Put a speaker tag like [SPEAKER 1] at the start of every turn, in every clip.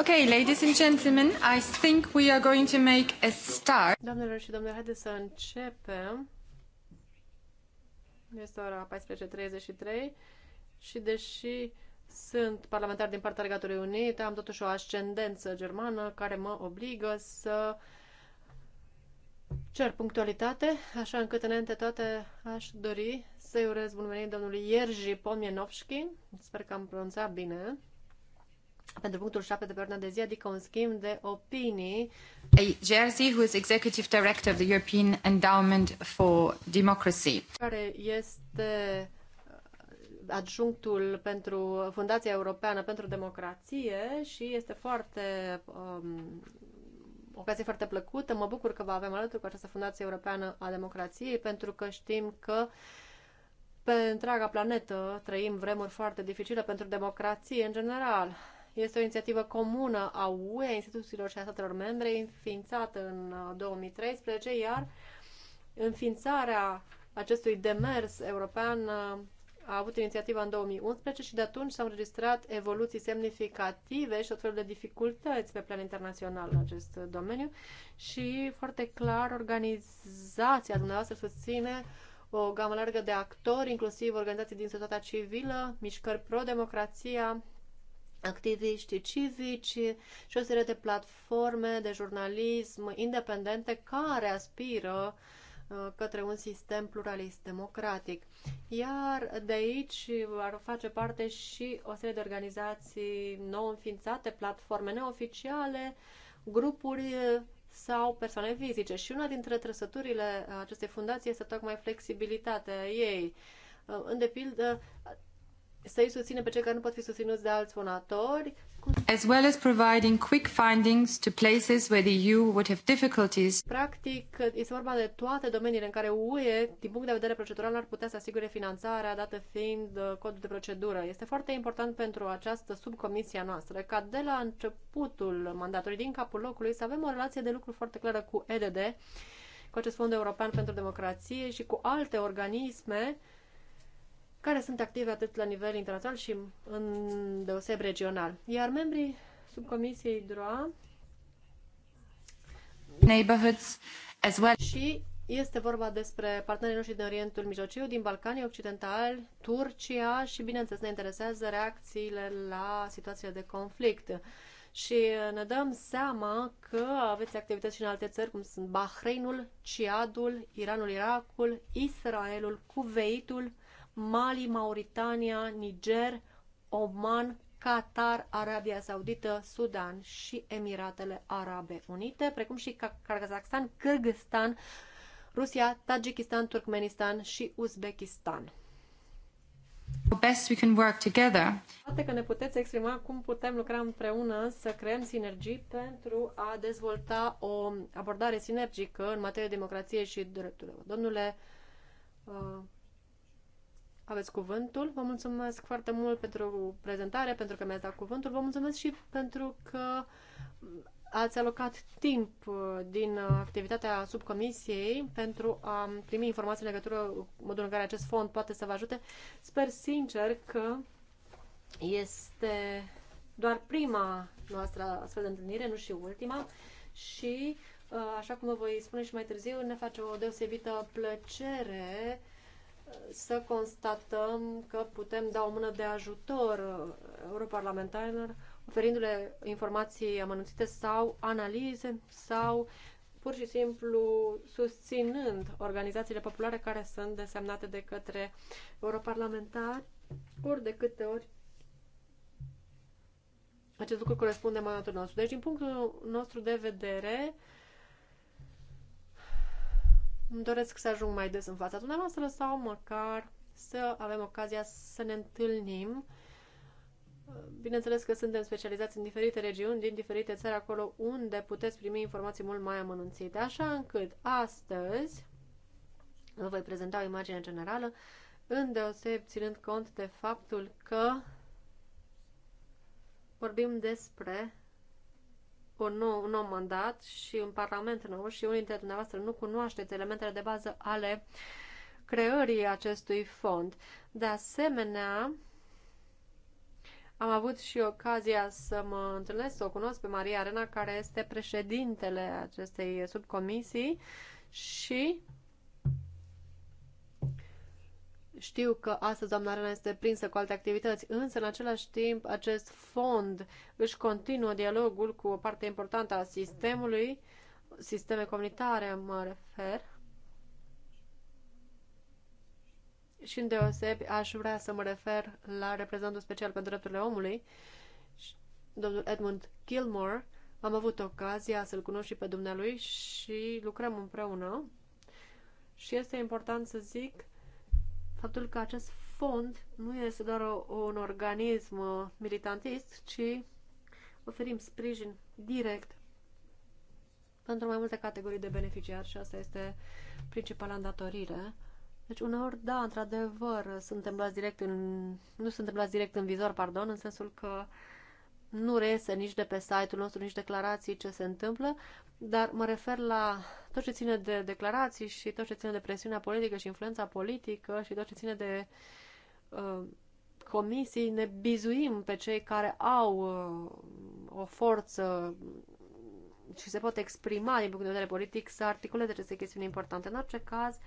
[SPEAKER 1] Okay, ladies and gentlemen, I think we are going to make a start. Doamnelor și domnilor, haideți să începem. Este ora 14.33 și deși sunt parlamentar din partea Regatului Unit, am totuși o ascendență germană care mă obligă să cer punctualitate, așa încât înainte toate aș dori să-i urez bun venit domnului Ierji Pomienovski, sper că am pronunțat bine, pentru punctul 7 de pe ordinea de zi, adică un schimb de opinii. Jerzy, who is Executive Director of the European Endowment for Democracy. Care este uh, adjunctul pentru Fundația Europeană pentru Democrație și este foarte um, ocazie foarte plăcută. Mă bucur că vă avem alături cu această Fundație Europeană a Democrației pentru că știm că pe întreaga planetă trăim vremuri foarte dificile pentru democrație în general. Este o inițiativă comună a UE, a instituțiilor și a statelor membre, înființată în 2013, uh, iar înființarea acestui demers european uh, a avut inițiativa în 2011 și de atunci s-au înregistrat evoluții semnificative și tot felul de dificultăți pe plan internațional în acest domeniu și foarte clar organizația dumneavoastră susține o gamă largă de actori, inclusiv organizații din societatea civilă, mișcări pro-democrația, activiști civici și o serie de platforme de jurnalism independente care aspiră uh, către un sistem pluralist democratic. Iar de aici ar face parte și o serie de organizații nou înființate, platforme neoficiale, grupuri sau persoane fizice. Și una dintre trăsăturile acestei fundații este tocmai flexibilitatea ei. Uh, în de pildă, să îi susținem pe cei care nu pot fi susținuți de alți donatori. As well as providing quick findings to places where the EU would have difficulties. Practic, este vorba de toate domeniile în care UE, din punct de vedere procedural, ar putea să asigure finanțarea, dată fiind uh, codul de procedură. Este foarte important pentru această subcomisie noastră ca de la începutul mandatului, din capul locului, să avem o relație de lucru foarte clară cu EDD, cu acest Fond European pentru Democrație și cu alte organisme care sunt active atât la nivel internațional și în deoseb regional. Iar membrii subcomisiei DROA neighborhoods as well. și este vorba despre partenerii noștri din Orientul Mijlociu, din Balcanii Occidentali, Turcia și, bineînțeles, ne interesează reacțiile la situația de conflict. Și ne dăm seama că aveți activități și în alte țări, cum sunt Bahreinul, Ciadul, Iranul, Irakul, Israelul, Cuveitul, Mali, Mauritania, Niger, Oman, Qatar, Arabia Saudită, Sudan și Emiratele Arabe Unite, precum și Kazakhstan, Kyrgyzstan, Rusia, Tajikistan, Turkmenistan și Uzbekistan. Best we can work together. Poate că ne puteți exprima cum putem lucra împreună să creăm sinergii pentru a dezvolta o abordare sinergică în materie de democrație și drepturilor. Domnule uh, aveți cuvântul. Vă mulțumesc foarte mult pentru prezentare, pentru că mi-ați dat cuvântul. Vă mulțumesc și pentru că ați alocat timp uh, din activitatea subcomisiei pentru a primi informații în legătură cu modul în care acest fond poate să vă ajute. Sper sincer că este doar prima noastră astfel de întâlnire, nu și ultima, și, uh, așa cum vă voi spune și mai târziu, ne face o deosebită plăcere să constatăm că putem da o mână de ajutor europarlamentarilor, oferindu-le informații amănunțite sau analize sau pur și simplu susținând organizațiile populare care sunt desemnate de către europarlamentari, ori de câte ori acest lucru corespunde mandatul nostru. Deci, din punctul nostru de vedere, uh, îmi doresc să ajung mai des în fața dumneavoastră sau măcar să avem ocazia să ne întâlnim. Bineînțeles că suntem specializați în diferite regiuni, din diferite țări, acolo unde puteți primi informații mult mai amănunțite, așa încât astăzi vă voi prezenta o imagine generală, îndeoseb ținând cont de faptul că vorbim despre o nou, un nou mandat și un parlament nou și unii dintre dumneavoastră nu cunoașteți elementele de bază ale creării acestui fond. De asemenea, am avut și ocazia să mă întâlnesc, să o cunosc pe Maria Arena, care este președintele acestei subcomisii și Știu că astăzi doamna Arena este prinsă cu alte activități, însă în același timp acest fond își continuă dialogul cu o parte importantă a sistemului, sisteme comunitare mă refer, și deosebi aș vrea să mă refer la reprezentantul special pentru drepturile omului, domnul Edmund Gilmore. Am avut ocazia să-l cunosc și pe dumnealui și lucrăm împreună. Și este important să zic faptul că acest fond nu este doar un organism uh, militantist, ci oferim sprijin direct pentru mai multe categorii de beneficiari și asta este principala îndatorire. Deci uneori, da, într-adevăr, suntem luați direct în, nu suntem luați direct în vizor, pardon, în sensul că uh, nu reiese nici de pe site-ul nostru, nici declarații ce se întâmplă, dar mă refer la tot ce ține de declarații și tot ce ține de presiunea politică și influența politică și tot ce ține de uh, comisii. Ne bizuim pe cei care au uh, o forță și se pot exprima din punct de vedere politic să articuleze aceste chestiuni importante. În orice caz, uh,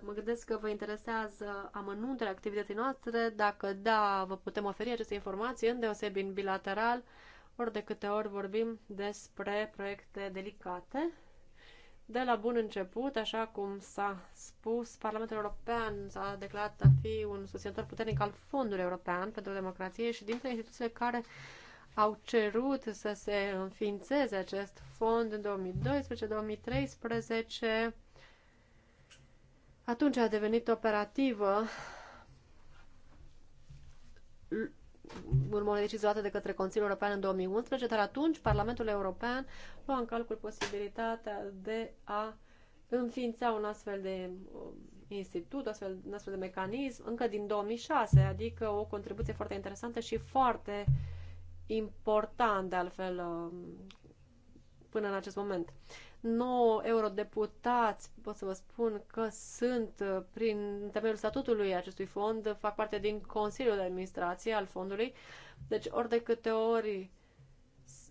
[SPEAKER 1] Mă gândesc că vă interesează amănuntele activității noastre. Dacă da, vă putem oferi aceste informații, în în bilateral, ori de câte ori vorbim despre proiecte delicate. De la bun început, așa cum s-a spus, Parlamentul European s-a declarat a fi un susținător puternic al Fondului European pentru Democrație și dintre instituțiile care au cerut să se înființeze acest fond în 2012-2013, atunci a devenit operativă urmă decizioată de către Consiliul European în 2011, dar atunci Parlamentul European lua în calcul posibilitatea de a înființa un astfel de um, institut, astfel, un astfel de mecanism, încă din 2006, adică o contribuție foarte interesantă și foarte important, de altfel, um, până în acest moment. 9 eurodeputați, pot să vă spun că sunt, uh, prin temeiul statutului acestui fond, fac parte din Consiliul de Administrație al fondului, deci ori de câte ori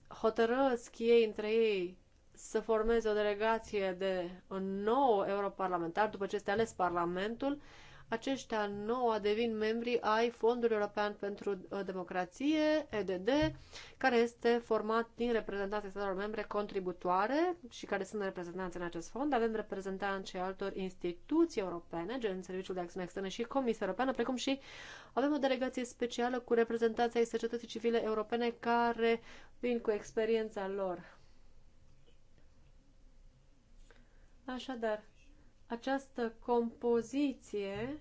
[SPEAKER 1] hotărăsc ei între ei să formeze o delegație de 9 europarlamentari după ce este ales Parlamentul, aceștia nouă devin membri ai Fondului European pentru uh, Democrație, EDD, care este format din reprezentanții statelor membre contributoare și care sunt reprezentanți în acest fond. Avem reprezentanți reprezentanții altor instituții europene, gen Serviciul de Acțiune Externă și Comisia Europeană, precum și avem o delegație specială cu reprezentanții ai societății civile europene care vin cu experiența lor Așadar, această compoziție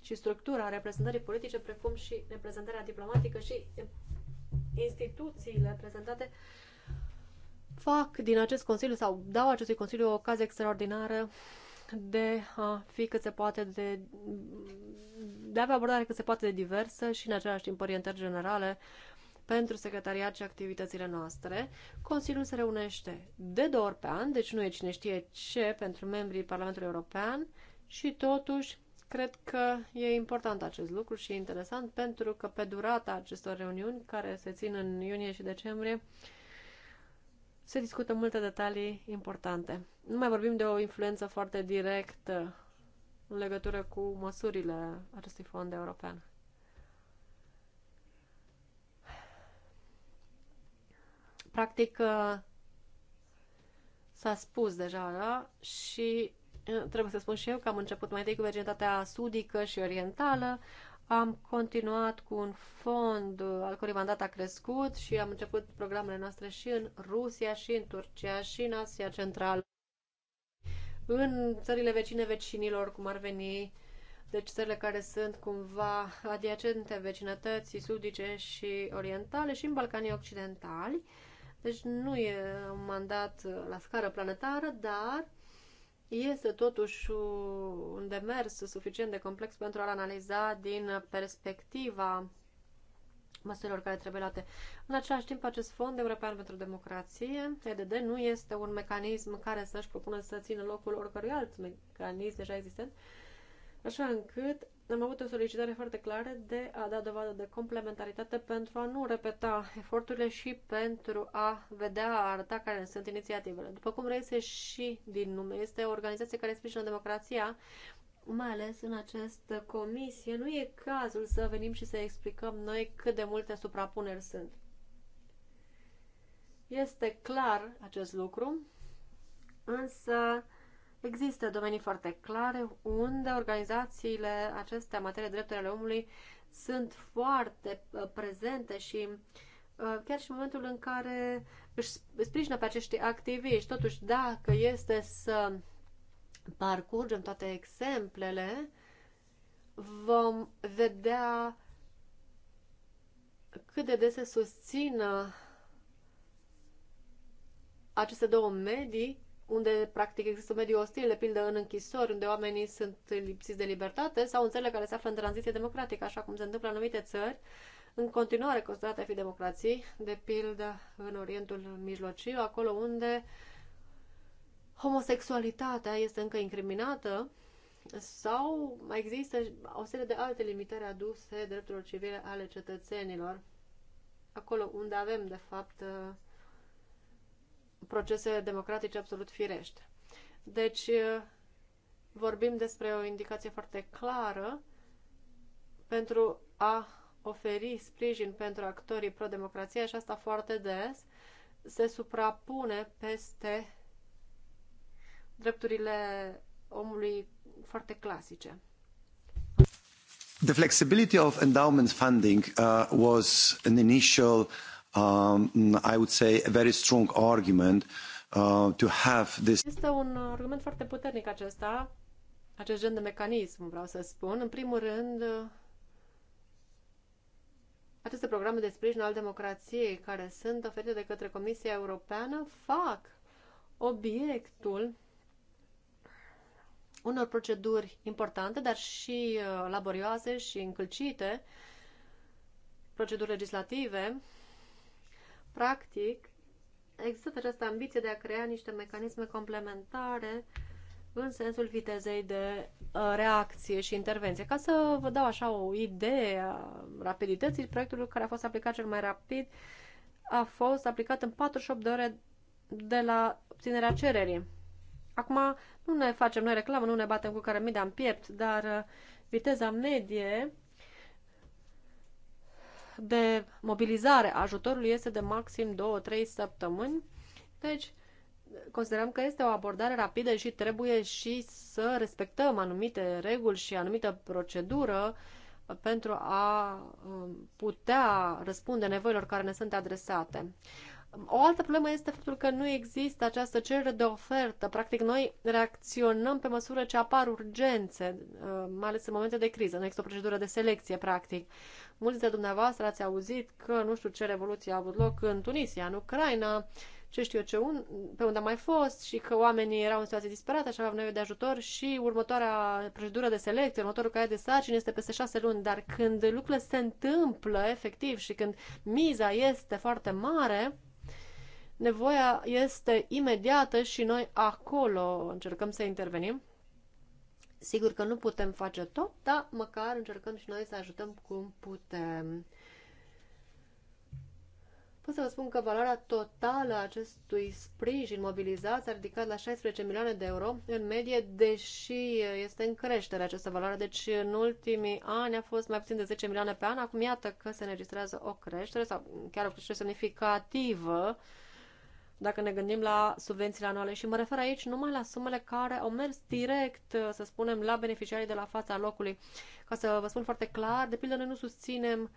[SPEAKER 1] și structura reprezentării politice, precum și reprezentarea diplomatică și instituțiile prezentate, fac din acest Consiliu sau dau acestui Consiliu o ocazie extraordinară de a fi cât se poate de, de a avea abordare cât se poate de diversă și în același timp orientări generale uh, pentru secretariat și activitățile noastre. Consiliul se reunește de două ori pe an, deci nu e cine știe ce pentru membrii Parlamentului European și totuși cred că e important acest lucru și e interesant pentru că pe durata acestor reuniuni care se țin în iunie și decembrie se discută multe detalii importante. Nu mai vorbim de o influență foarte directă în legătură cu măsurile acestui fond european. Practic, uh, s-a spus deja da? și uh, trebuie să spun și eu că am început mai întâi cu virginitatea sudică și orientală, am continuat cu un fond al cărui mandat a crescut și am început programele noastre și în Rusia, și în Turcia, și în Asia Centrală, în țările vecine vecinilor, cum ar veni, deci țările care sunt cumva adiacente vecinătății sudice și orientale și în Balcanii Occidentali. Deci nu e un mandat uh, la scară planetară, dar este totuși un demers suficient de complex pentru a-l analiza din perspectiva măsurilor care trebuie luate. În același timp, acest Fond European pentru Democrație, EDD, nu este un mecanism care să-și propună să țină locul oricărui alt mecanism deja existent, așa încât am avut o solicitare foarte clară de a da dovadă de complementaritate pentru a nu repeta eforturile și pentru a vedea, a arăta care sunt inițiativele. După cum reiese și din nume, este o organizație care sprijină democrația, mai ales în această comisie. Nu e cazul să venim și să explicăm noi cât de multe suprapuneri sunt. Este clar acest lucru, însă Există domenii foarte clare unde organizațiile acestea în materie de drepturile omului sunt foarte uh, prezente și uh, chiar și în momentul în care își sprijină pe acești activiști. Totuși, dacă este să parcurgem toate exemplele, vom vedea cât de des se susțină aceste două medii unde practic există un mediu ostil, de pildă în închisori, unde oamenii sunt lipsiți de libertate, sau în țările care se află în tranziție democratică, așa cum se întâmplă în anumite țări, în continuare considerate a fi democrații, de pildă în Orientul Mijlociu, acolo unde homosexualitatea este încă incriminată sau mai există o serie de alte limitări aduse drepturilor civile ale cetățenilor, acolo unde avem, de fapt, procese democratice absolut firești. Deci, vorbim despre o indicație foarte clară pentru a oferi sprijin pentru actorii pro-democrație și asta foarte des se suprapune peste drepturile omului foarte clasice. The flexibility of endowment funding uh, was an initial um, I would say, a very strong argument uh, to have this. Este un argument foarte puternic acesta, acest gen de mecanism, vreau să spun. În primul rând, aceste programe de sprijin al democrației care sunt oferite de către Comisia Europeană fac obiectul unor proceduri importante, dar și uh, laborioase și încălcite, proceduri legislative Practic, există această ambiție de a crea niște mecanisme complementare în sensul vitezei de uh, reacție și intervenție. Ca să vă dau așa o idee a rapidității, proiectul care a fost aplicat cel mai rapid a fost aplicat în 48 de ore de la obținerea cererii. Acum nu ne facem noi reclamă, nu ne batem cu care de în piept, dar uh, viteza medie de mobilizare a ajutorului este de maxim 2-3 săptămâni. Deci, considerăm că este o abordare rapidă și trebuie și să respectăm anumite reguli și anumită procedură pentru a um, putea răspunde nevoilor care ne sunt adresate. O altă problemă este faptul că nu există această cerere de ofertă. Practic, noi reacționăm pe măsură ce apar urgențe, uh, mai ales în momente de criză. Nu există o procedură de selecție, practic. Mulți dintre dumneavoastră ați auzit că nu știu ce revoluție a avut loc în Tunisia, în Ucraina, ce știu eu ce, un, pe unde am mai fost și că oamenii erau în situație disperată și aveau nevoie de ajutor și următoarea procedură de selecție, următorul caiet de sarcini este peste șase luni, dar când lucrurile se întâmplă efectiv și când miza este foarte mare, Nevoia este imediată și noi acolo încercăm să intervenim. Sigur că nu putem face tot, dar măcar încercăm și noi să ajutăm cum putem. Pot să vă spun că valoarea totală a acestui sprijin mobilizat s-a ridicat la 16 milioane de euro în medie, deși este în creștere această valoare. Deci în ultimii ani a fost mai puțin de 10 milioane pe an. Acum iată că se înregistrează o creștere sau chiar o creștere semnificativă dacă ne gândim la subvențiile anuale și mă refer aici numai la sumele care au mers direct, să spunem, la beneficiarii de la fața locului. Ca să vă spun foarte clar, de pildă noi nu susținem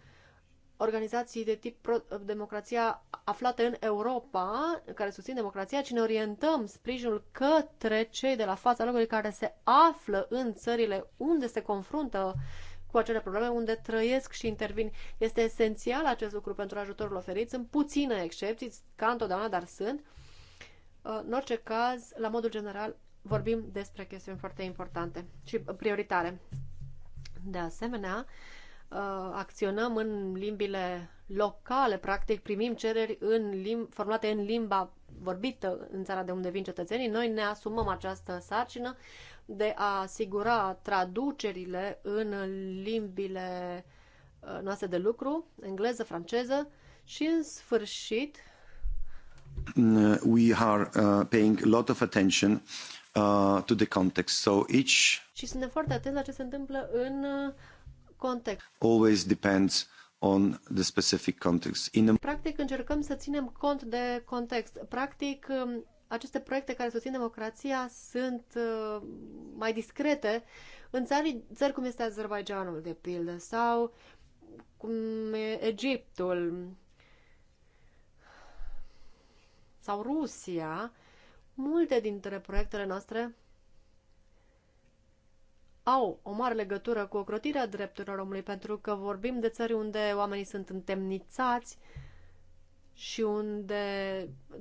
[SPEAKER 1] organizații de tip pro- democrația aflate în Europa, care susțin democrația, ci ne orientăm sprijinul către cei de la fața locului care se află în țările unde se confruntă uh, cu acele probleme unde trăiesc și intervin. Este esențial acest lucru pentru ajutorul oferit. Sunt puține excepții, ca întotdeauna, dar sunt. Uh, în orice caz, la modul general, vorbim despre chestiuni foarte importante și prioritare. De asemenea, uh, acționăm în limbile locale, practic primim cereri în lim- formulate în limba vorbită în țara de unde vin cetățenii. Noi ne asumăm această sarcină, de a asigura traducerile în limbile uh, noastre de lucru, engleză, franceză și în sfârșit mm, uh, we are uh, paying a lot of attention uh, to the context. So each și suntem foarte atenți la ce se întâmplă în uh, context. Always depends on the specific context. In a... Practic încercăm să ținem cont de context. Practic um, aceste proiecte care susțin democrația sunt uh, mai discrete în țări, țări cum este Azerbaijanul, de pildă, sau cum e Egiptul sau Rusia, multe dintre proiectele noastre au o mare legătură cu ocrotirea drepturilor omului, pentru că vorbim de țări unde oamenii sunt întemnițați, uh, și unde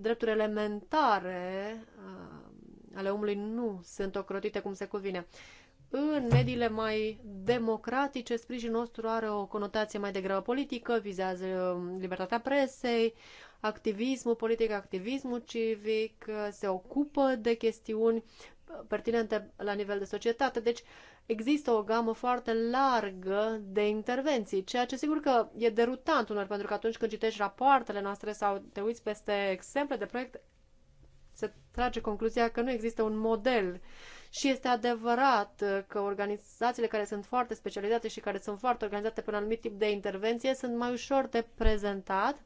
[SPEAKER 1] drepturile elementare uh, ale omului nu sunt ocrotite cum se cuvine. În mediile mai democratice, sprijinul nostru are o conotație mai degrabă politică, vizează um, libertatea presei, activismul politic, activismul civic, uh, se ocupă de chestiuni pertinente la nivel de societate. Deci există o gamă foarte largă de intervenții, ceea ce sigur că e derutant unor, pentru că atunci când citești rapoartele noastre sau te uiți peste exemple de proiect, se trage concluzia că nu există un model și este adevărat că organizațiile care sunt foarte specializate și care sunt foarte organizate pe un anumit tip de intervenție sunt mai ușor de prezentat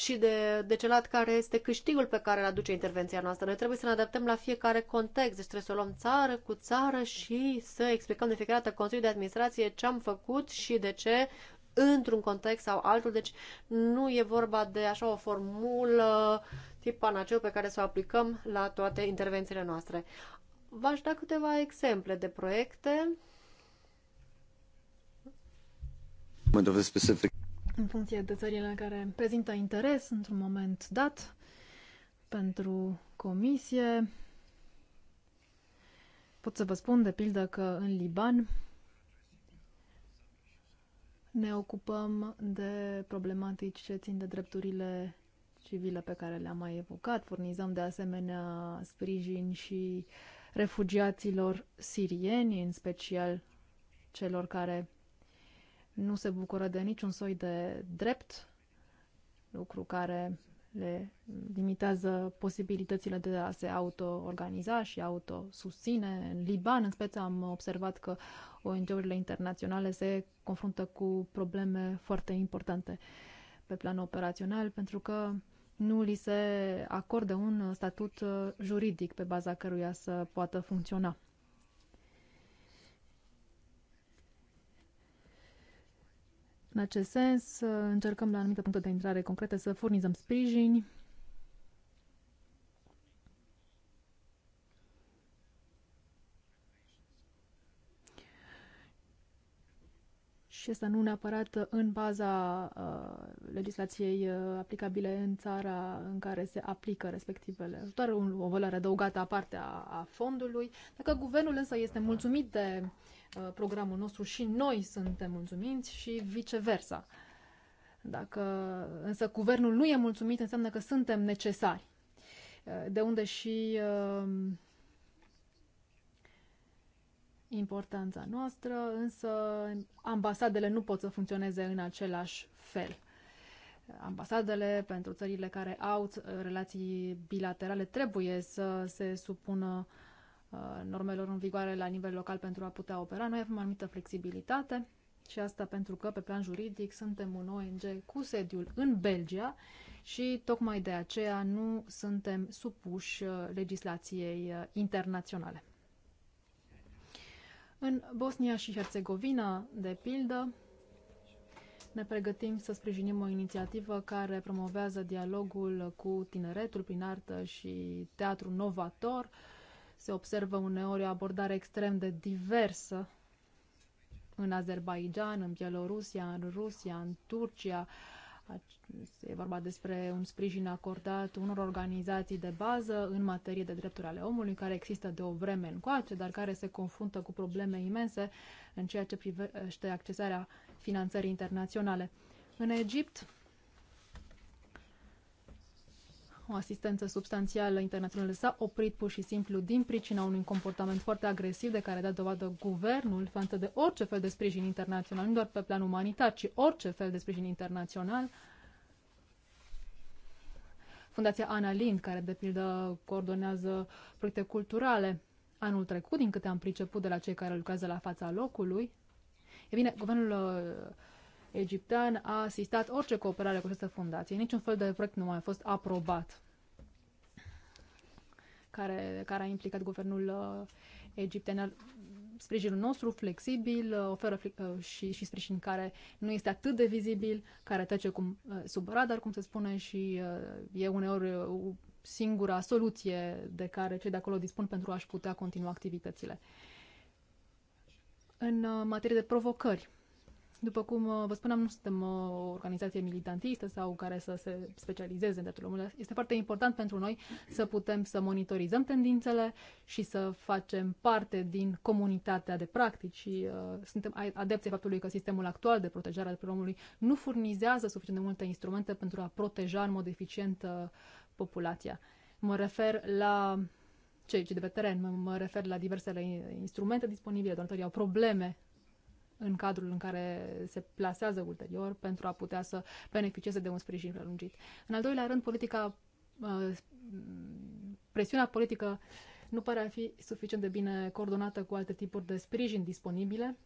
[SPEAKER 1] și de de celălalt care este câștigul pe care îl aduce intervenția noastră. Noi trebuie să ne adaptăm la fiecare context, deci trebuie să o luăm țară cu țară și să explicăm de fiecare dată Consiliul de Administrație ce am făcut și de ce într-un context sau altul. Deci nu e vorba de așa o formulă tip panaceu pe care să o aplicăm la toate intervențiile noastre. V-aș
[SPEAKER 2] da câteva exemple de proiecte în funcție de țările care prezintă interes într-un moment dat pentru comisie. Pot să vă spun, de pildă, că în Liban ne ocupăm de problematici ce țin de drepturile civile pe care le-am mai evocat. Furnizăm de asemenea sprijin și refugiaților sirieni, în special celor care nu se bucură de niciun soi de drept, lucru care le limitează posibilitățile de a se auto-organiza și auto-susține. În Liban, în speță, am observat că ONG-urile internaționale se confruntă cu probleme foarte importante pe plan operațional, pentru că nu li se acordă un statut juridic pe baza căruia să poată funcționa. În acest sens, încercăm la anumite puncte de intrare concrete să furnizăm sprijin acesta nu neapărat în baza uh, legislației uh, aplicabile în țara în care se aplică respectivele un, o valoare adăugată aparte a, a fondului. Dacă guvernul însă este mulțumit de uh, programul nostru și noi suntem mulțumiți și viceversa. Dacă însă guvernul nu e mulțumit, înseamnă că suntem necesari. Uh, de unde și uh, importanța noastră, însă ambasadele nu pot să funcționeze în același fel. Ambasadele pentru țările care au relații bilaterale trebuie să se supună uh, normelor în vigoare la nivel local pentru a putea opera. Noi avem anumită flexibilitate și asta pentru că pe plan juridic suntem un ONG cu sediul în Belgia și tocmai de aceea nu suntem supuși uh, legislației uh, internaționale. În Bosnia și Herțegovina, de pildă, ne pregătim să sprijinim o inițiativă care promovează dialogul cu tineretul prin artă și teatru novator. Se observă uneori o abordare extrem de diversă în Azerbaijan, în Bielorusia, în Rusia, în Turcia, E vorba despre un sprijin acordat unor organizații de bază în materie de drepturi ale omului, care există de o vreme încoace, dar care se confruntă cu probleme imense în ceea ce privește accesarea finanțării internaționale. În Egipt, o asistență substanțială internațională s-a oprit pur și simplu din pricina unui comportament foarte agresiv de care a dat dovadă guvernul față de orice fel de sprijin internațional, nu doar pe plan umanitar, ci orice fel de sprijin internațional. Fundația Ana Lind, care de pildă coordonează proiecte culturale, anul trecut, din câte am priceput de la cei care lucrează la fața locului, e bine, guvernul uh, egiptean a asistat orice cooperare cu această fundație. Niciun fel de proiect nu mai a fost aprobat care, care a implicat guvernul uh, egiptean. Sprijinul nostru flexibil uh, oferă uh, și, și sprijin care nu este atât de vizibil, care trece cum, uh, sub radar, cum se spune, și uh, e uneori uh, singura soluție de care cei de acolo dispun pentru a-și putea continua activitățile. În uh, materie de provocări, după cum uh, vă spuneam, nu suntem uh, o organizație militantistă sau care să se specializeze în dreptul omului. Este foarte important pentru noi să putem să monitorizăm tendințele și să facem parte din comunitatea de practici și uh, suntem adepții faptului că sistemul actual de protejare a dreptului omului nu furnizează suficient de multe instrumente pentru a proteja în mod eficient uh, populația. Mă refer la cei ce de pe teren, mă, refer la diversele instrumente disponibile, doar au probleme în cadrul în care se plasează ulterior pentru a putea să beneficieze de un sprijin prelungit. În al doilea rând, politica, uh, presiunea politică nu pare a fi suficient de bine coordonată cu alte tipuri de sprijin disponibile.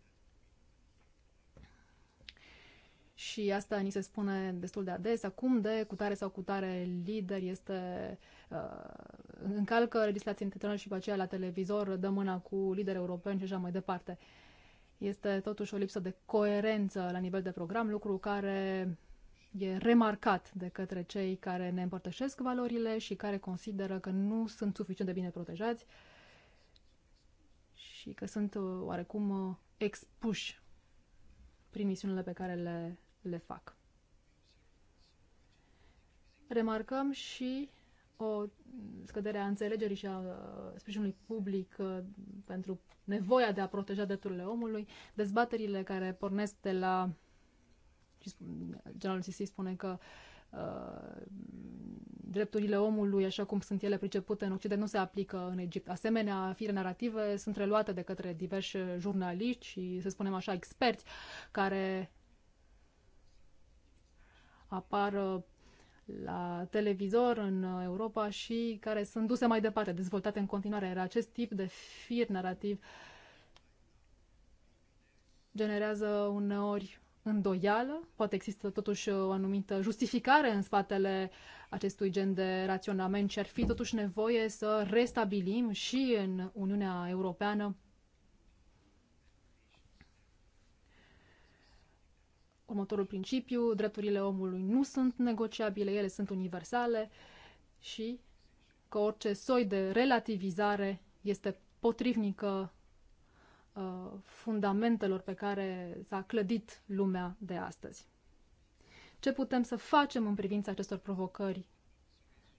[SPEAKER 2] Și asta ni se spune destul de adesea, cum de cutare sau cutare lider este uh, încalcă legislația internațională și pe aceea la televizor dă mâna cu lideri europeni și așa mai departe. Uh, este totuși o lipsă de coerență la nivel de program, lucru care e remarcat de către cei care ne împărtășesc valorile și care consideră că nu sunt suficient de bine protejați și că sunt uh, oarecum uh, expuși prin misiunile pe care le, le fac. Remarcăm și o scădere a înțelegerii și a uh, sprijinului public uh, pentru nevoia de a proteja drepturile omului, dezbaterile care pornesc de la generalul Sisi spune că uh, drepturile omului, așa cum sunt ele pricepute în Occident, nu se aplică în Egipt. Asemenea, fire narrative sunt reluate de către diversi jurnaliști și, să spunem așa, experți care apar uh, la televizor în Europa și care sunt duse mai departe, dezvoltate în continuare. era acest tip de fir narrativ generează uneori îndoială, poate există totuși o anumită justificare în spatele acestui gen de raționament și ar fi totuși nevoie să restabilim și în Uniunea Europeană următorul principiu, drepturile omului nu sunt negociabile, ele sunt universale și că orice soi de relativizare este potrivnică uh, fundamentelor pe care s-a clădit lumea de astăzi. Ce putem să facem în privința acestor provocări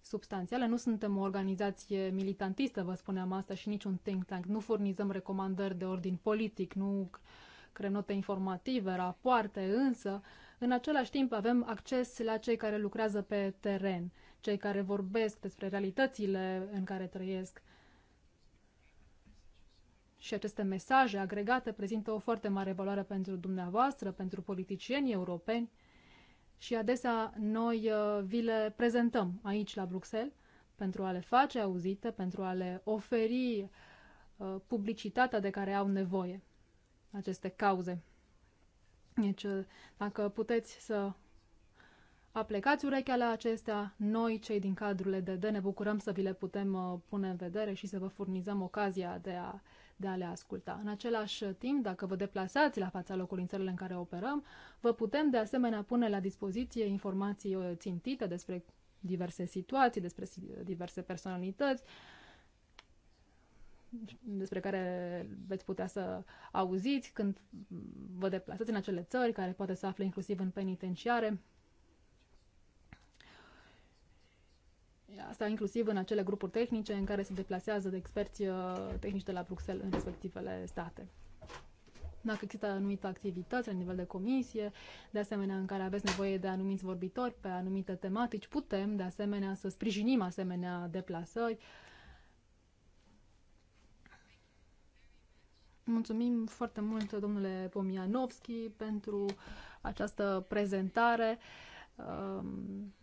[SPEAKER 2] substanțiale? Nu suntem o organizație militantistă, vă spuneam asta, și niciun think tank. Nu furnizăm recomandări de ordin politic, nu creăm note informative, rapoarte, însă în același timp avem acces la cei care lucrează pe teren, cei care vorbesc despre realitățile în care trăiesc. Și aceste mesaje agregate prezintă o foarte mare valoare pentru dumneavoastră, pentru politicienii europeni și adesea noi uh, vi le prezentăm aici la Bruxelles pentru a le face auzite, pentru a le oferi uh, publicitatea de care au nevoie aceste cauze. Deci, uh, dacă puteți să aplicați urechea la acestea, noi, cei din cadrul EDD, ne bucurăm să vi le putem uh, pune în vedere și să vă furnizăm ocazia de a, de a le asculta. În același timp, dacă vă deplasați la fața locului în țările în care operăm, vă putem de asemenea pune la dispoziție informații uh, țintite despre diverse situații, despre diverse personalități, despre care veți putea să auziți când vă deplasați în acele țări, care poate să afle inclusiv în penitenciare. Asta inclusiv în acele grupuri tehnice în care se deplasează de experți uh, tehnici de la Bruxelles în respectivele state. Dacă există anumite activități la nivel de comisie, de asemenea în care aveți nevoie de anumiți vorbitori pe anumite tematici, putem de asemenea să sprijinim asemenea deplasări uh, Mulțumim foarte mult, domnule Pomianovski, pentru această prezentare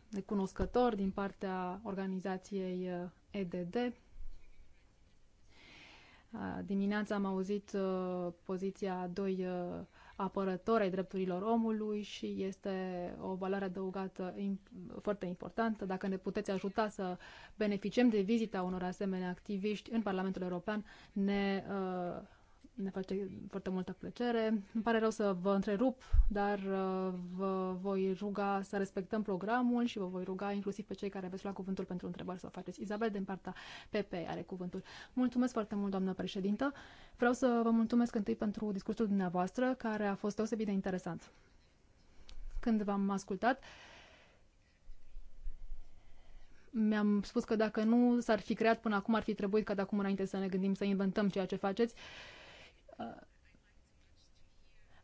[SPEAKER 2] necunoscător um, din partea organizației uh, EDD. Uh, dimineața am auzit uh, poziția a doi apărători ai drepturilor omului și este o valoare adăugată foarte importantă. Dacă ne puteți ajuta să beneficiem de vizita unor asemenea activiști în Parlamentul European, ne ne face foarte multă plăcere. Îmi pare rău să vă întrerup, dar uh, vă voi ruga să respectăm programul și vă voi ruga inclusiv pe cei care veți lua cuvântul pentru întrebări să o faceți. Izabel, din partea PP, are cuvântul. Mulțumesc foarte mult, doamnă președintă. Vreau să vă mulțumesc întâi pentru discursul dumneavoastră, care a fost deosebit de interesant. Când v-am ascultat, mi-am spus că dacă nu s-ar fi creat până acum, ar fi trebuit ca de acum înainte să ne gândim să inventăm ceea ce faceți. Uh,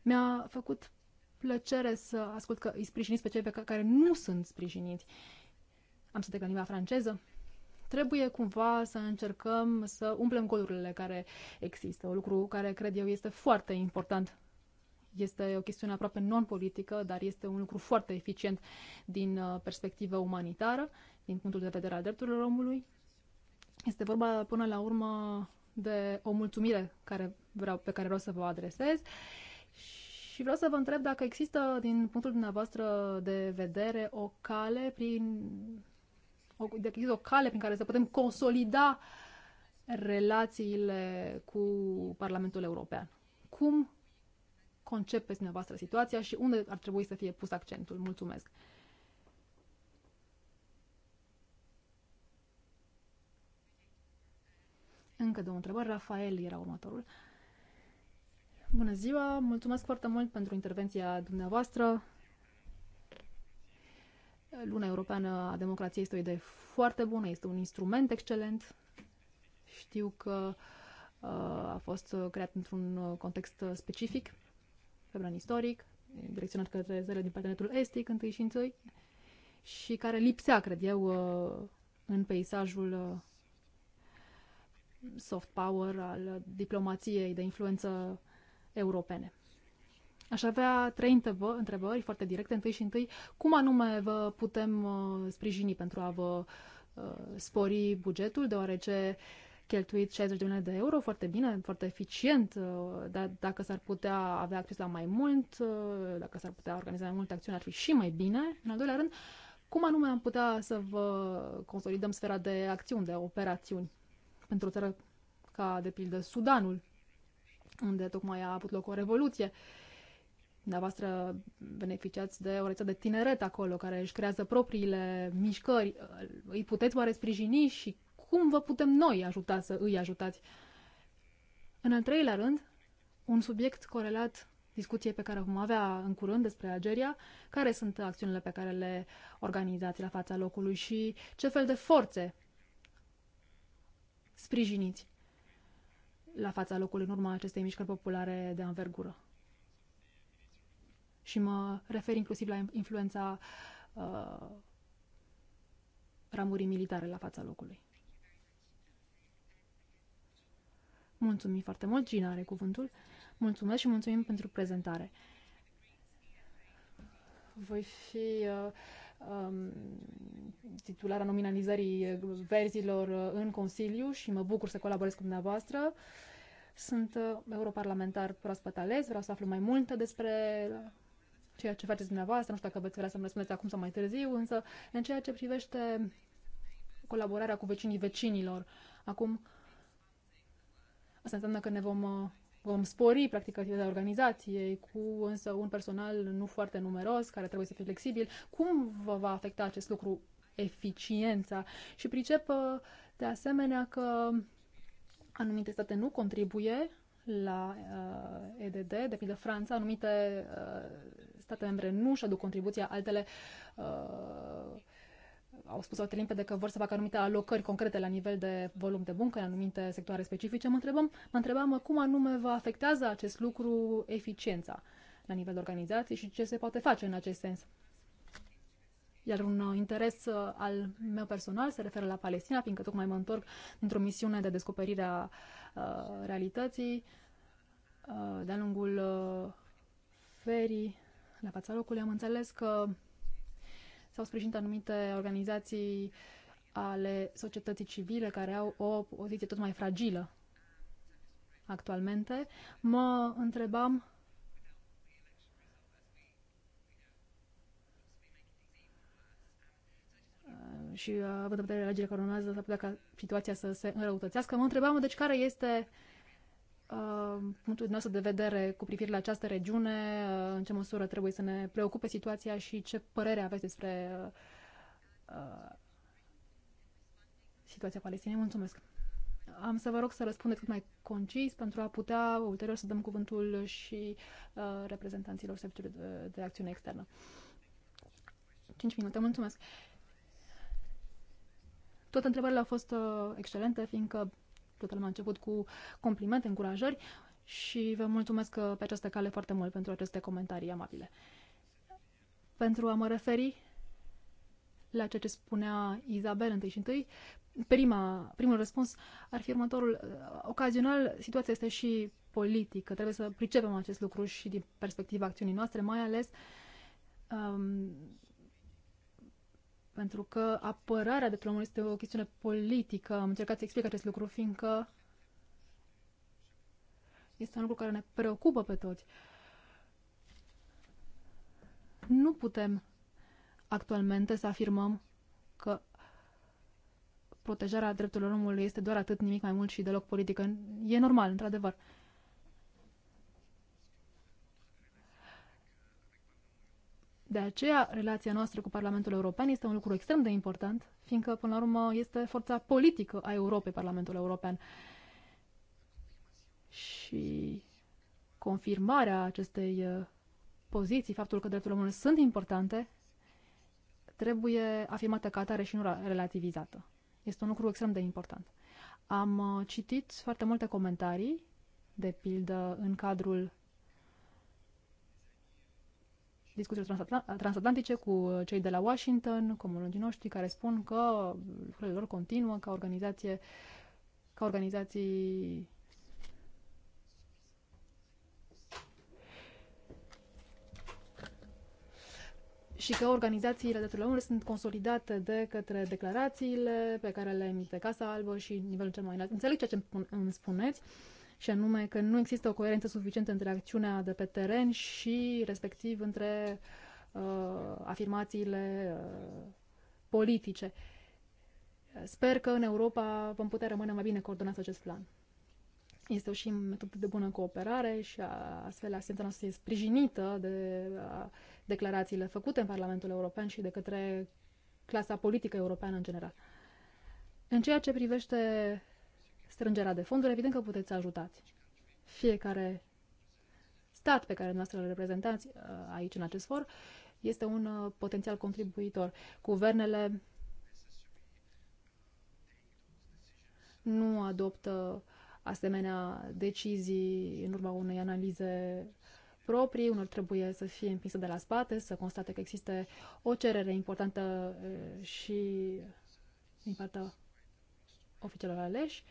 [SPEAKER 2] mi-a făcut plăcere să ascult că îi sprijiniți pe cei pe care nu sunt sprijiniți. Am să te la limba franceză. Trebuie cumva să încercăm să umplem golurile care există. Un lucru care cred eu este foarte important. Este o chestiune aproape non-politică, dar este un lucru foarte eficient din uh, perspectivă umanitară, din punctul de vedere al drepturilor omului. Este vorba până la urmă de o mulțumire care vreau, pe care vreau să vă adresez și vreau să vă întreb dacă există, din punctul dumneavoastră de vedere, o cale prin o, de, deci o cale prin care să putem consolida relațiile cu Parlamentul European. Cum concepeți dumneavoastră situația și unde ar trebui să fie pus accentul? Mulțumesc! Încă două întrebări. Rafael era următorul. Bună ziua, mulțumesc foarte mult pentru intervenția dumneavoastră. Luna Europeană a Democrației este o idee foarte bună, este un instrument excelent. Știu că uh, a fost creat într-un context specific, pe plan istoric, direcționat către țările din parteneriatul estic, întâi și întâi, și care lipsea, cred eu, uh, în peisajul uh, soft power al diplomației de influență europene. Aș avea trei întrebări foarte directe. Întâi și întâi, cum anume vă putem uh, sprijini pentru a vă uh, spori bugetul, deoarece cheltuit 60 de milioane de euro, foarte bine, foarte eficient, uh, dar dacă s-ar putea avea acces la mai mult, dacă s-ar putea organiza mai multe acțiuni, ar fi și mai bine. În al doilea rând, cum anume am putea să vă consolidăm sfera de acțiuni, de operațiuni? pentru o țară ca, de pildă, Sudanul, unde tocmai a avut loc o revoluție. Dumneavoastră beneficiați de o rețea de tineret acolo, care își creează propriile mișcări. Îi puteți oare sprijini și cum vă putem noi ajuta să îi ajutați? În al treilea rând, un subiect corelat discuției pe care vom avea în curând despre Algeria, care sunt acțiunile pe care le organizați la fața locului și ce fel de forțe sprijiniți la fața locului în urma acestei mișcări populare de anvergură. Și mă refer inclusiv la influența uh, ramurii militare la fața locului. Mulțumim foarte mult, Gina are cuvântul. Mulțumesc și mulțumim pentru prezentare voi fi uh, um, titulara nominalizării verzilor uh, în Consiliu și mă bucur să colaborez cu dumneavoastră. Sunt uh, europarlamentar proaspăt ales, vreau să aflu mai multe despre ceea ce faceți dumneavoastră, nu știu dacă veți vrea să-mi răspundeți acum sau mai târziu, însă în ceea ce privește colaborarea cu vecinii vecinilor, acum asta înseamnă că ne vom vom spori practic activitatea organizației cu însă un personal nu foarte numeros care trebuie să fie flexibil. Cum vă va afecta acest lucru eficiența? Și pricep uh, de asemenea că anumite state nu contribuie la uh, EDD, de pildă Franța, anumite uh, state membre nu și aduc contribuția, altele uh, au spus foarte limpede că vor să facă anumite alocări concrete la nivel de volum de muncă în anumite sectoare specifice, mă, întrebam, mă întrebam cum anume vă afectează acest lucru eficiența la nivel de organizație și ce se poate face în acest sens. Iar un interes uh, al meu personal se referă la Palestina, fiindcă tocmai mă întorc într o misiune de descoperire a uh, realității uh, de-a lungul uh, ferii la fața locului. Am înțeles că s-au sprijinit anumite organizații ale societății civile care au o poziție tot mai fragilă actualmente. Mă întrebam și având în vedere legile care urmează, s-ar putea ca situația să se înrăutățească. Mă întrebam, deci, care este Uh, punctul nostru de vedere cu privire la această regiune, uh, în ce măsură trebuie să ne preocupe situația și ce părere aveți despre uh, situația Palestinei. Mulțumesc! Am să vă rog să răspundeți cât mai concis pentru a putea ulterior să dăm cuvântul și reprezentanților Serviciului de, Acțiune Externă. 5 minute, mulțumesc! Toate întrebările au fost uh, excelente, fiindcă Toată lumea a început cu complimente, încurajări și vă mulțumesc uh, pe această cale foarte mult pentru aceste comentarii amabile. Pentru a mă referi la ceea ce spunea Izabel întâi și întâi, prima, primul răspuns ar fi următorul. Uh, ocazional, situația este și politică. Trebuie să pricepem acest lucru și din perspectiva acțiunii noastre, mai ales um, pentru că apărarea drepturilor este o chestiune politică. Am încercat să explic acest lucru, fiindcă este un lucru care ne preocupă pe toți. Nu putem actualmente să afirmăm că protejarea drepturilor omului este doar atât, nimic mai mult și deloc politică. E normal, într-adevăr. De aceea, relația noastră cu Parlamentul European este un lucru extrem de important, fiindcă, până la urmă, este forța politică a Europei, Parlamentul European. Și confirmarea acestei uh, poziții, faptul că drepturile omului sunt importante, trebuie afirmată ca atare și nu relativizată. Este un lucru extrem de important. Am uh, citit foarte multe comentarii, de pildă în cadrul discuțiilor transatlantice cu cei de la Washington, comunologii noștri, care spun că lucrurile lor continuă ca organizație, ca organizații și că organizațiile de omului sunt consolidate de către declarațiile pe care le emite Casa Albă și nivelul cel mai înalt. Înțeleg ceea ce îmi spuneți, și anume că nu există o coerență suficientă între acțiunea de pe teren și respectiv între uh, afirmațiile uh, politice. Sper că în Europa vom putea rămâne mai bine coordonați acest plan. Este o și metodă de bună cooperare și astfel asistența noastră este sprijinită de uh, declarațiile făcute în Parlamentul European și de către clasa politică europeană în general. În ceea ce privește strângerea de fonduri, evident că puteți să ajutați. Fiecare stat pe care noastră îl reprezentați uh, aici în acest for este un uh, potențial contribuitor. Guvernele nu adoptă asemenea decizii în urma unei analize proprii, unor trebuie să fie împinsă de la spate, să constate că există o cerere importantă uh, și din partea oficialelor aleși.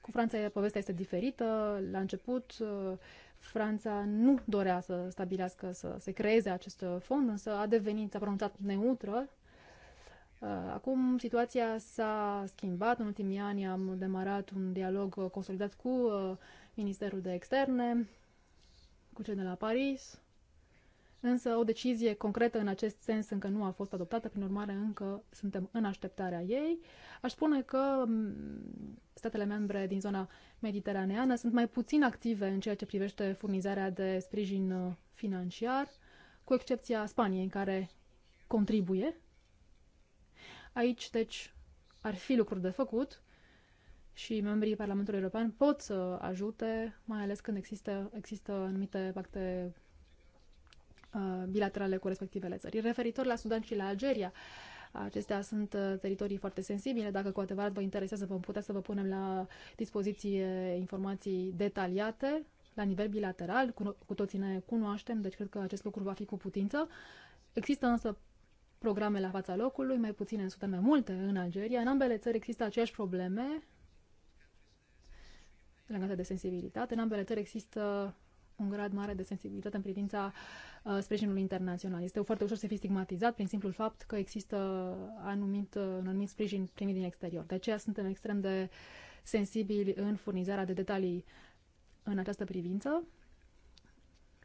[SPEAKER 2] Cu Franța povestea este diferită. La început, uh, Franța nu dorea să stabilească, să se creeze acest fond, însă a devenit, s-a pronunțat neutră. Uh, acum situația s-a schimbat. În ultimii ani am demarat un dialog consolidat cu uh, Ministerul de Externe, cu cei de la Paris, însă o decizie concretă în acest sens încă nu a fost adoptată, prin urmare încă suntem în așteptarea ei. Aș spune că statele membre din zona mediteraneană sunt mai puțin active în ceea ce privește furnizarea de sprijin uh, financiar, cu excepția Spaniei, care contribuie. Aici, deci, ar fi lucruri de făcut și membrii Parlamentului European pot să ajute, mai ales când există, există anumite pacte Uh, bilaterale cu respectivele țări. Referitor la Sudan și la Algeria, Acestea sunt uh, teritorii foarte sensibile. Dacă cu adevărat vă interesează, vom putea să vă punem la dispoziție informații detaliate la nivel bilateral. Cu, cu toții ne cunoaștem, deci cred că acest lucru va fi cu putință. Există însă programe la fața locului, mai puține în Sudan, mai multe în Algeria. În ambele țări există aceeași probleme legate de sensibilitate. În ambele țări există un grad mare de sensibilitate în privința uh, sprijinului internațional. Este foarte ușor să fii stigmatizat prin simplul fapt că există anumit, uh, un anumit sprijin primit din exterior. De aceea suntem extrem de sensibili în furnizarea de detalii în această privință,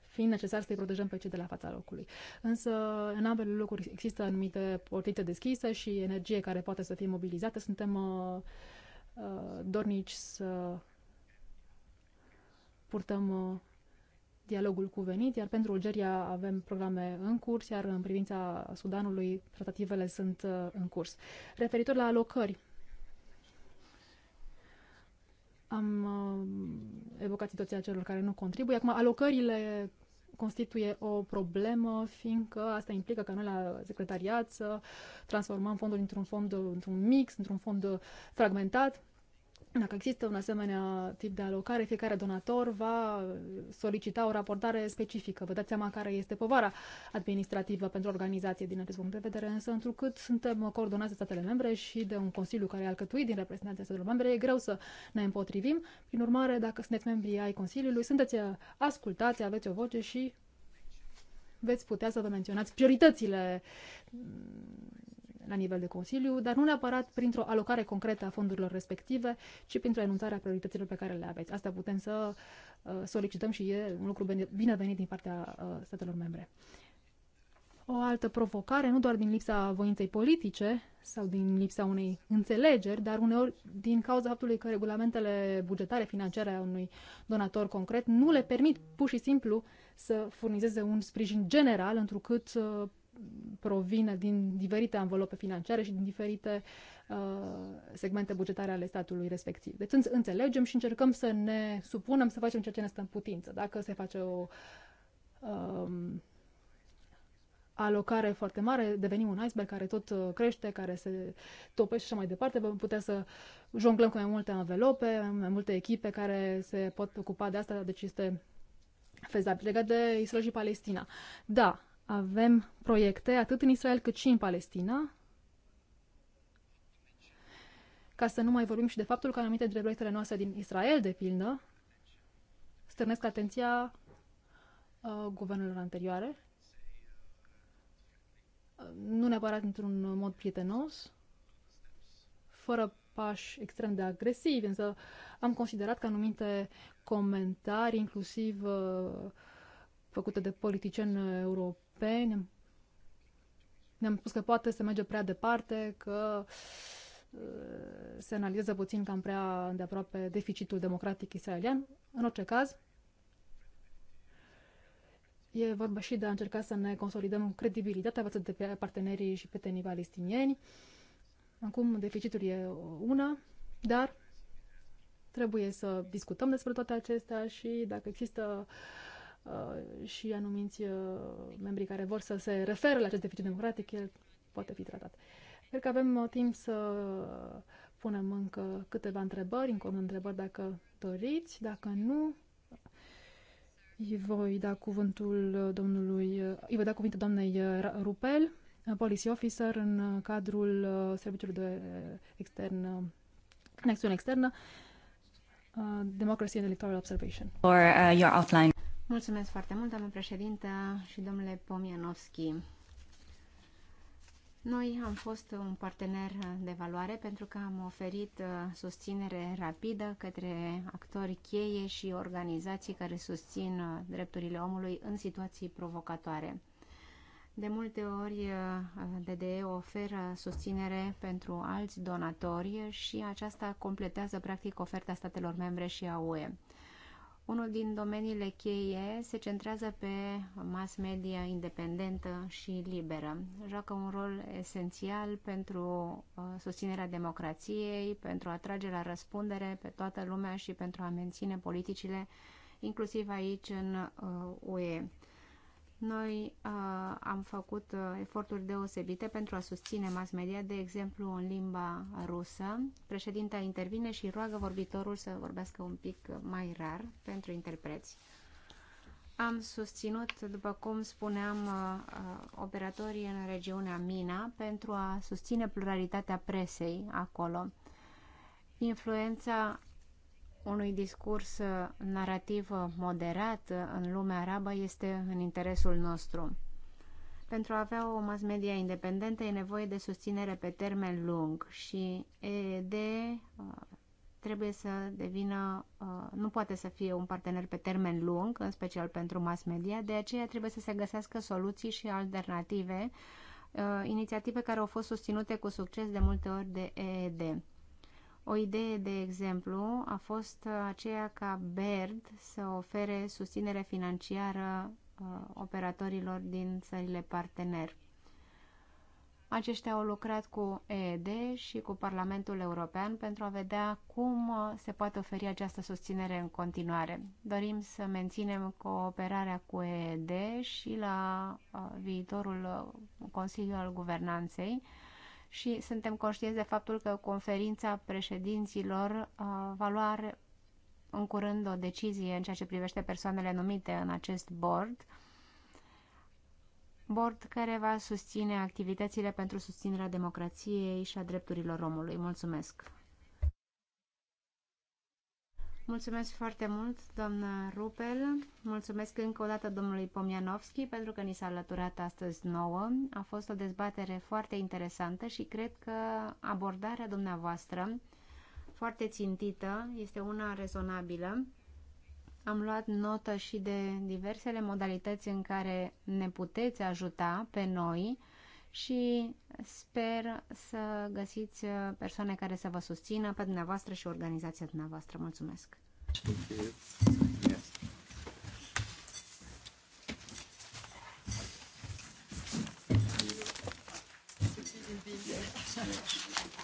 [SPEAKER 2] fiind necesar să-i protejăm pe cei de la fața locului. Însă, în ambele locuri există anumite portițe deschise și energie care poate să fie mobilizată. Suntem uh, uh, dornici să purtăm uh, dialogul cuvenit, iar pentru Algeria avem programe în curs, iar în privința Sudanului tratativele sunt uh, în curs. Referitor la alocări, am uh, evocat situația celor care nu contribuie. Acum, alocările constituie o problemă, fiindcă asta implică că noi la secretariat să transformăm fondul într-un fond, într-un mix, într-un fond fragmentat dacă există un asemenea tip de alocare, fiecare donator va solicita o raportare specifică. Vă dați seama care este povara administrativă pentru organizație din acest punct de vedere, însă întrucât suntem coordonați de statele membre și de un consiliu care e alcătuit din reprezentanții statelor membre, e greu să ne împotrivim. Prin urmare, dacă sunteți membri ai Consiliului, sunteți ascultați, aveți o voce și veți putea să vă menționați prioritățile la nivel de Consiliu, dar nu neapărat printr-o alocare concretă a fondurilor respective, ci printr-o enunțare a priorităților pe care le aveți. Asta putem să uh, solicităm și e un lucru binevenit din partea uh, statelor membre. O altă provocare, nu doar din lipsa voinței politice sau din lipsa unei înțelegeri, dar uneori din cauza faptului că regulamentele bugetare financiare a unui donator concret nu le permit pur și simplu să furnizeze un sprijin general, întrucât uh, provine din diferite anvelope financiare și din diferite uh, segmente bugetare ale statului respectiv. Deci înțelegem și încercăm să ne supunem să facem ceea ce ne stă în putință. Dacă se face o um, alocare foarte mare, devenim un iceberg care tot uh, crește, care se topește și așa mai departe, vom putea să jonglăm cu mai multe anvelope, mai multe echipe care se pot ocupa de asta, deci este fezabil. Legat de Israel și Palestina. Da, avem proiecte atât în Israel cât și în Palestina, ca să nu mai vorbim și de faptul că anumite dintre proiectele noastre din Israel, de pildă, stârnesc atenția uh, guvernelor anterioare, uh, nu neapărat într-un mod prietenos, fără pași extrem de agresivi, însă am considerat că anumite comentarii, inclusiv uh, făcute de politicieni europeni pe Ne-am, ne-am spus că poate se merge prea departe, că uh, se analizează puțin cam prea de aproape deficitul democratic israelian. În orice caz, E vorba și de a încerca să ne consolidăm credibilitatea față de partenerii și prietenii palestinieni. Acum deficitul e una, dar trebuie să discutăm despre toate acestea și dacă există Uh, și anumiți uh, membrii care vor să se referă la acest deficit democratic, el poate fi tratat. Cred că avem uh, timp să punem încă câteva întrebări, încă un întrebări dacă doriți, dacă nu, îi voi da cuvântul domnului, îi voi da cuvântul doamnei Rupel, policy officer în cadrul serviciului de extern, în acțiune externă, Democracy and Electoral Observation. For uh, your outline.
[SPEAKER 3] Mulțumesc foarte mult, doamnă președintă și domnule Pomianovski. Noi am fost un partener de valoare pentru că am oferit uh, susținere rapidă către actori cheie și organizații care susțin uh, drepturile omului în situații provocatoare. De multe ori uh, DDE oferă susținere pentru alți donatori și aceasta completează practic oferta statelor membre și a UE. Unul din domeniile cheie se centrează pe mass media independentă și liberă. Joacă un rol esențial pentru uh, susținerea democrației, pentru a trage la răspundere pe toată lumea și pentru a menține politicile, inclusiv aici în uh, UE. Noi uh, am făcut uh, eforturi deosebite pentru a susține mass media, de exemplu în limba rusă. Președinta intervine și roagă vorbitorul să vorbească un pic mai rar pentru interpreți. Am susținut, după cum spuneam, operatorii în regiunea Mina pentru a susține pluralitatea presei acolo. Influența unui discurs uh, narrativ uh, moderat uh, în lumea arabă este în interesul nostru. Pentru a avea o mass media independentă e nevoie de susținere pe termen lung și de trebuie să devină, nu poate să fie un partener pe termen lung, în special pentru mass media, de aceea trebuie să se găsească soluții și alternative, inițiative care au fost susținute cu succes de multe ori de EED. O idee, de exemplu, a fost uh, aceea ca BERD să ofere susținere financiară uh, operatorilor din țările partener. Aceștia au lucrat cu EED și cu Parlamentul European pentru a vedea cum uh, se poate oferi această susținere în continuare. Dorim să menținem cooperarea cu EED și la viitorul Consiliu al Guvernanței și suntem conștienți de faptul că conferința președinților uh, va lua în curând o decizie în ceea ce privește persoanele numite în acest board, board care va susține activitățile pentru susținerea democrației și a drepturilor omului. Mulțumesc! Mulțumesc foarte mult, doamna Rupel. Mulțumesc încă o dată domnului Pomianovski pentru că ni s-a alăturat astăzi nouă. A fost o dezbatere foarte interesantă și cred că abordarea dumneavoastră, foarte țintită, este una rezonabilă. Am luat notă și de diversele modalități în care ne puteți ajuta pe noi și sper să găsiți uh, persoane care să vă susțină pe dumneavoastră și organizația dumneavoastră. Mulțumesc!
[SPEAKER 2] you.